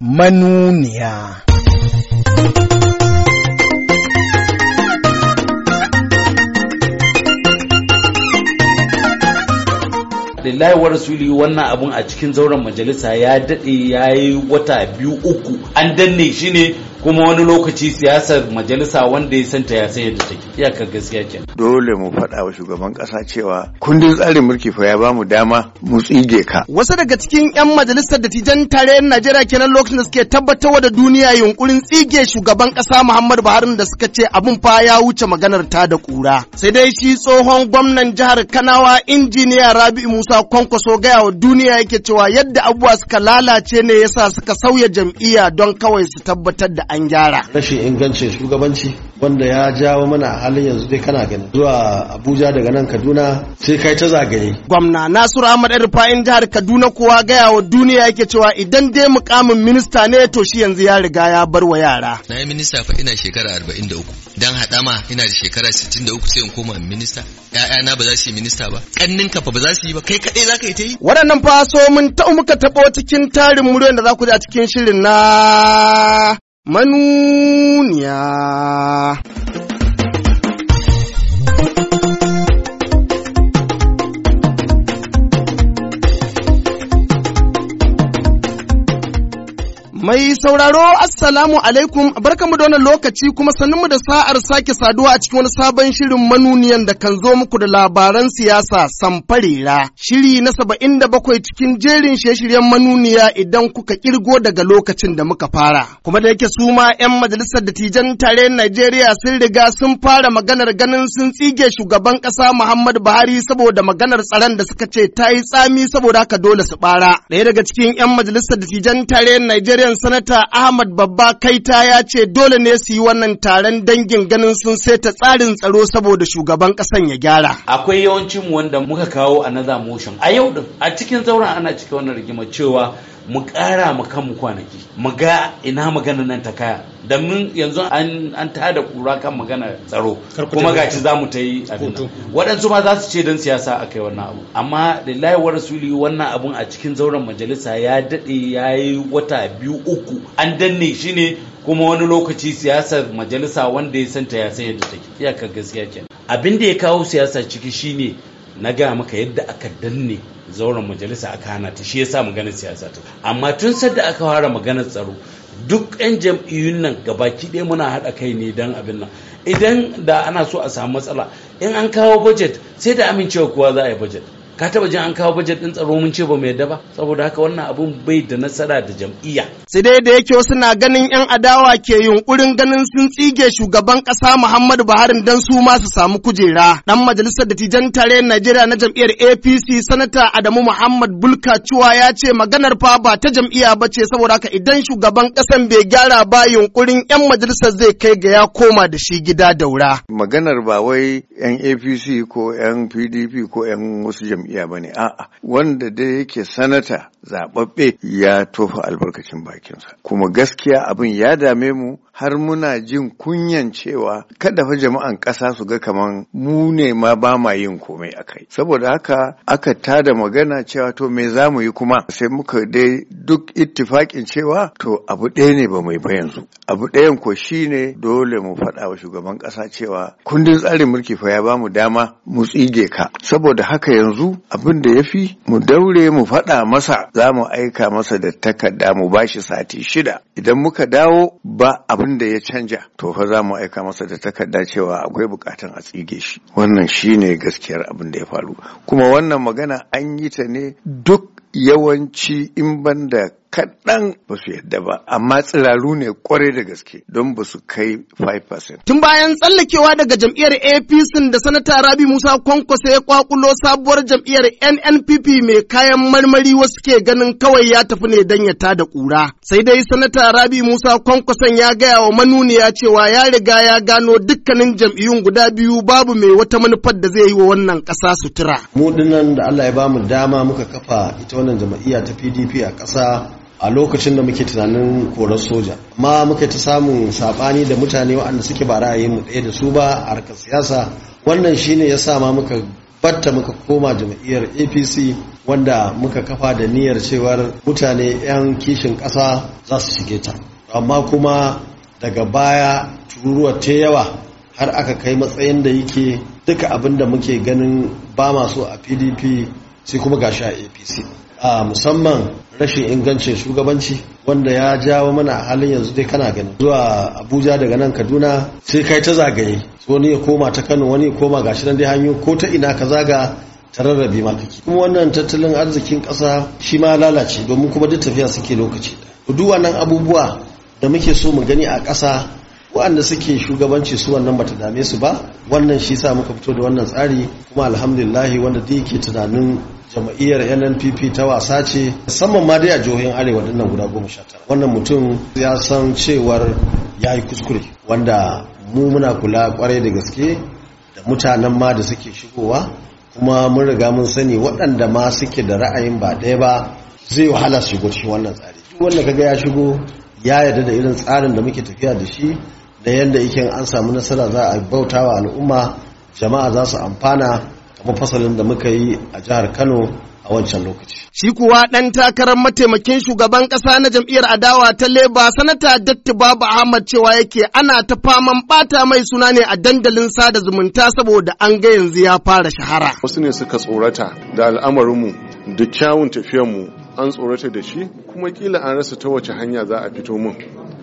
manuniya. lillahi wa rasuli wannan abun a cikin zauren majalisa ya daɗe ya yi wata biyu uku an danne shi ne kuma wani lokaci siyasar majalisa wanda ya santa ya san yadda take iyakar gaskiya ke dole mu faɗa wa shugaban ƙasa cewa kundin tsarin mulki fa ya ba mu dama mu tsige ka wasu daga cikin yan majalisar dattijan tarayyar Najeriya kenan lokacin da suke tabbatarwa da duniya yunkurin tsige shugaban ƙasa Muhammadu Buhari da suka ce abin fa ya wuce maganar ta da kura sai dai shi tsohon gwamnan jihar Kanawa injiniya Rabi'u Musa Kwankwaso gaya wa duniya yake cewa yadda abubuwa suka lalace ne yasa suka sauya jam'iyya don kawai su tabbatar da an gyara Rashi ingancin shugabanci wanda ya jawo mana halin yanzu dai kana gani zuwa abuja daga nan kaduna sai kai ta zagaye gwamna nasiru ahmad rufa'in jihar kaduna kuwa gaya wa duniya yake cewa idan dai mukamin minista ne to shi yanzu ya riga ya bar wa yara na yi minista fa ina shekara arba'in da uku dan haɗama ina da shekara sittin da uku sai in koma minista ‘ya'yana ba za su yi minista ba ƙannin ka fa ba za su yi ba kai kaɗai za ka yi ta yi waɗannan fa so mun ta muka taɓo cikin tarin muryoyin da za ku je a cikin shirin na manuniya. Mai sauraro Assalamu alaikum barkamu da wannan lokaci kuma mu da sa'ar sake saduwa a cikin wani sabon shirin manuniyan da kan zo muku da labaran siyasa samfarera. Shiri na saba'in da bakwai cikin jerin shirye-shiryen manuniya idan kuka kirgo daga lokacin da muka fara. Kuma da yake su ma 'yan majalisar dattijan tare Najeriya sun riga sun fara maganar ganin sun tsige shugaban ƙasa Muhammadu Buhari saboda maganar tsaron da suka ce ta yi tsami saboda haka dole su bara. Ɗaya daga cikin 'yan majalisar dattijan tare Najeriya sanata Ahmad Babba Kaita ya ce dole ne su yi wannan taron dangin ganin sun seta tsarin tsaro saboda shugaban ƙasan ya gyara. Akwai yawancin wanda muka kawo another motion a yau din a cikin zauren ana cikin wannan rigima cewa mu ƙara mu kanmu kwanaki mu ga ina magana nan ta kaya domin yanzu an an da kura kan magana tsaro kuma gaci za mu ta yi abin waɗansu ma za su ce don siyasa a kai wannan abu amma lillahi wa rasuli wannan abun a cikin zauren majalisa ya daɗe ya yi wata biyu uku an danne shi ne kuma wani lokaci siyasar majalisa wanda ya santa ya san yadda take iyakar gaskiya kenan abin da ya kawo siyasa ciki shine na ga maka yadda aka danne zauren majalisa aka hana ta shi ya sa maganar siyasa ta amma tun sadda aka fara maganar tsaro duk 'yan jam'iyyun nan gabaki ɗaya muna haɗa kai ne don abin nan idan da ana so a samu matsala in an kawo budget sai da amincewa kowa za a yi budget ka taba jin an kawo bajet din tsaro mun ce ba mai yadda ba saboda haka wannan abun bai da nasara da jam'iyya sai dai da yake wasu na ganin yan adawa ke yunkurin ganin sun tsige shugaban kasa Muhammadu Buhari dan su ma su samu kujera dan majalisar dattijan tare Najeriya na jam'iyyar APC sanata Adamu Muhammad Bulka Cuwa ya ce maganar fa ba ta jam'iyya ba ce saboda haka idan shugaban kasan bai gyara ba yunkurin yan majalisar zai kai ga ya koma da shi gida daura maganar ba wai yan APC ko yan PDP ko yan wasu jam'iyya jam'iyya ba ne a'a wanda dai yake sanata zaɓaɓɓe ya tofa albarkacin bakinsa kuma gaskiya abin ya dame mu har muna jin kunyan cewa kada fa jama'an ƙasa su ga kaman mu ne ma ba ma yin komai a kai saboda haka aka tada magana cewa to me za mu yi kuma sai muka dai duk ittifaƙin cewa to abu ɗaya ne ba mai ba yanzu abu ɗayan ko shine dole mu faɗa wa shugaban ƙasa cewa kundin tsarin mulki fa ya bamu dama mu tsige ka saboda haka yanzu abin da ya fi mu daure mu faɗa masa za mu aika masa da takarda mu ba shi sati shida idan muka dawo ba abin da ya canja to fa za mu aika masa da takarda cewa akwai bukatan a tsige shi wannan shine gaskiyar abin da ya faru kuma wannan magana an yi ta ne duk yawanci in banda kaɗan ba su yadda ba amma tsiraru ne kwarai da gaske don ba su kai 5%. Tun bayan tsallakewa daga jam'iyyar APC da sanata Rabi Musa Kwankwasa ya kwakulo sabuwar jam'iyyar NNPP mai kayan marmari wasu ke ganin kawai ya tafi ne don ya tada kura. Sai dai sanata Rabi Musa Kwankwason ya gaya wa manuniya cewa ya riga ya gano dukkanin jam'iyyun guda biyu babu mai wata manufar da zai yi wa wannan ƙasa sutura. Mu dinnan da Allah ya bamu dama muka kafa ita wannan jama'iyya ta pdp a ƙasa a lokacin da muke tunanin korar soja ma muka ta samun saɓani da mutane waɗanda suke ba ra'ayin mu ɗaya da su ba a harkar siyasa wannan shine ya sa ma muka batta muka koma jam'iyyar apc wanda muka kafa da niyyar cewar mutane 'yan kishin ƙasa za su shige ta amma kuma daga baya tururuwa ta yawa har aka kai matsayin da yake duka abin da muke ganin ba masu a pdp sai kuma gashi a apc a musamman rashin ingancin shugabanci wanda ya jawo mana a halin yanzu dai kana gani zuwa abuja daga nan kaduna sai kai ta zagaye wani ya koma ta kano wani ya koma gashi nan dai hanyoyi ko ta ina ka zaga ta rarrabe ma kake kuma wannan tattalin arzikin ƙasa shi ma lalace domin kuma duk tafiya suke lokaci duk wannan abubuwa da muke so mu gani a ƙasa waɗanda suke shugabanci su wannan bata dame su ba wannan shi sa muka fito da wannan tsari kuma alhamdulillahi wanda duk yake tunanin jam'iyyar nnpp ta wasa ce musamman ma dai a jihohin arewa dinnan guda goma sha tara wannan mutum ya san cewar ya yi kuskure wanda mu muna kula kwarai da gaske da mutanen ma da suke shigowa kuma mun riga mun sani waɗanda ma suke da ra'ayin ba ɗaya ba zai wahala su shigo cikin wannan tsari duk wanda kaga ya shigo ya yarda da irin tsarin da muke tafiya da shi da yadda yake an samu nasara za a bautawa al'umma jama'a za su amfana kamar fasalin da muka yi a jihar Kano a wancan lokaci. Shi kuwa ɗan takarar mataimakin shugaban ƙasa na jam'iyyar adawa ta leba sanata Datti Babu Ahmad cewa yake ana ta faman ɓata mai suna ne a dandalin sada zumunta saboda an ga yanzu ya fara shahara. Wasu ne suka tsorata da al'amarinmu da kyawun tafiyarmu an tsorata da shi kuma kila an rasa ta wace hanya za a fito mun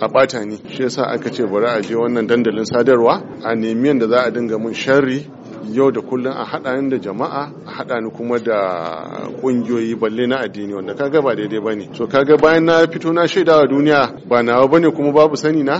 a ɓata ni shi yasa aka ce bari a je wannan dandalin sadarwa a nemiyan da za a dinga mun sharri yau da kullum a haɗa ni da jama'a a haɗa ni kuma da ƙungiyoyi balle na addini wanda kaga ba daidai ba ne so kaga bayan na fito na shaida wa duniya ba nawa ba ne kuma babu sani na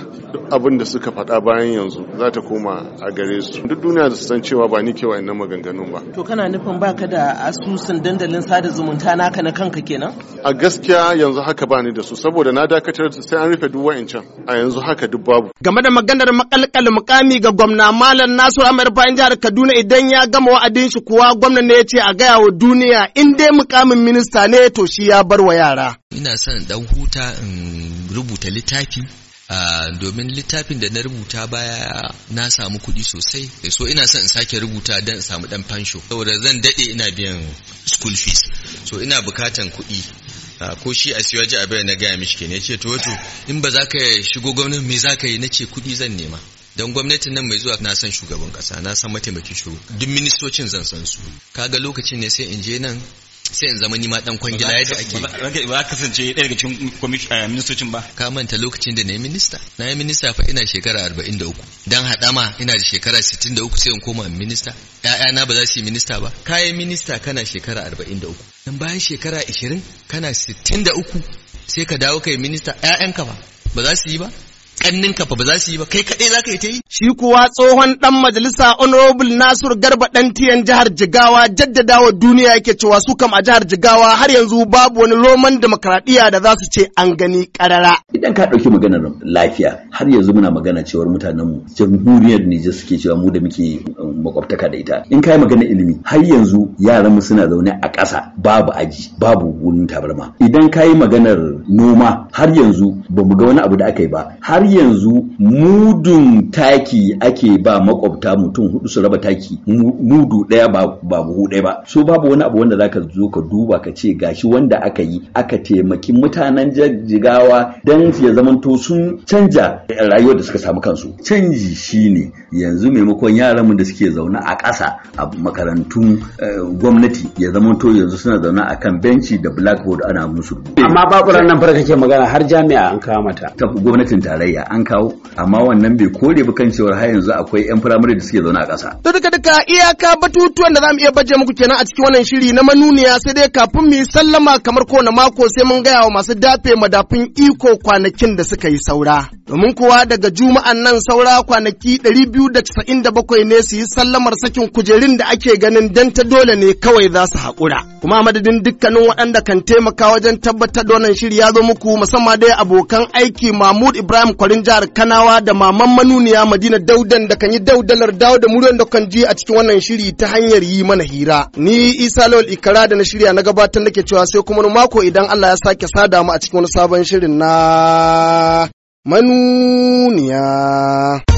abin da suka faɗa bayan yanzu za ta koma a gare su duk duniya su san cewa ba ni ke ina maganganun ba to kana nufin baka da asusun dandalin sada zumunta naka na kanka kenan a gaskiya yanzu haka ba ni da su saboda na dakatar sai an rufe duk wa'ancan a yanzu haka duk babu game da maganar makalkal mukami ga gwamna malam nasu amir bayan jihar kaduna kuma idan ya gama wa'adin shi kuwa gwamna ne ya ce a gaya wa duniya in dai mukamin minista ne to shi ya bar wa yara. Ina son dan huta in rubuta littafi domin littafin da na rubuta baya na samu kuɗi sosai eh, so ina son in sake rubuta don in samu dan fansho saboda zan daɗe ina biyan school fees so ina bukatan kuɗi ko shi a siwaji abin na gaya mishi ke ne ce to wato in ba za ka shigo gwamnati me za ka yi na ce kuɗi zan nema don gwamnatin nan mai zuwa na san shugaban kasa na san mataimakin shugaban duk ministocin zan san su kaga lokacin ne sai in je nan sai in zama nima dan kwangila yadda ake ba ka kasance ɗaya daga cikin eh, ministocin ba ka manta lokacin da na yi minista na yi minista fa ina shekara arba'in da uku. dan hadama ina da shekara sittin da uku sai in koma minista Ya'yana ba za su yi minista ba ka yi minista kana shekara arba'in da uku. dan bayan shekara ashirin kana sittin da uku sai ka dawo ka yi minista ƴaƴanka ba ba za su yi ba kanninka fa ba za su yi ba kai kaɗai za ka yi ta yi. Shi kuwa tsohon ɗan majalisa Honorable Nasiru Garba ɗan tiyan jihar Jigawa jaddadawa duniya yake cewa su kam a jihar Jigawa har yanzu babu wani roman demokaradiyya da za su ce an gani ƙarara. Idan ka ɗauki maganar lafiya har yanzu muna magana cewar mu jamhuriyar Nijar suke cewa mu da muke um, makwabtaka da ita. In ka yi maganar ilimi har yanzu yaran mu suna zaune a ƙasa babu aji babu wurin tabarma. Idan ka yi maganar noma har yanzu ba mu ga wani abu da aka yi ba har yanzu mudun taki ake ba makwabta mutum hudu su raba taki mudu daya ba buhu daya ba so babu wani abu wanda zaka zo ka duba ka ce gashi wanda aka yi aka taimaki mutanen jigawa dan ya zamanto sun canja rayuwar da suka samu kansu canji shine yanzu maimakon yaran mu da suke zauna a ƙasa a makarantun eh, gwamnati ya zamanto yanzu suna zaune a kan benci da blackboard ana musu amma babu nan farka ke magana har jami'a an kama ta gwamnatin tarayya da an kawo amma wannan bai kore ba kan cewar har yanzu akwai yan firamare da suke zauna a ƙasa. To duka duka iyaka batutuwan da za mu iya baje muku kenan a cikin wannan shiri na manuniya sai dai kafin mu yi sallama kamar kowane mako sai mun gaya wa masu dafe madafin iko kwanakin da suka yi saura. domin kuwa daga juma'an nan saura kwanaki 297 ne su yi sallamar sakin kujerun da ake ganin dan ta dole ne kawai za su haƙura. Kuma madadin dukkanin waɗanda kan taimaka wajen tabbatar da wannan shiri ya zo muku musamman dai abokan aiki Mahmud Ibrahim Kwarin jihar Kanawa da Maman Manuniya Madina Daudan da kan yi daudalar dawo da muryar da kan ji a cikin wannan shiri ta hanyar yi mana hira. Ni Isa Lawal Ikara da na shirya na gabatar nake cewa sai kuma mako idan Allah ya sake sada mu a cikin wani sabon shirin na manuniya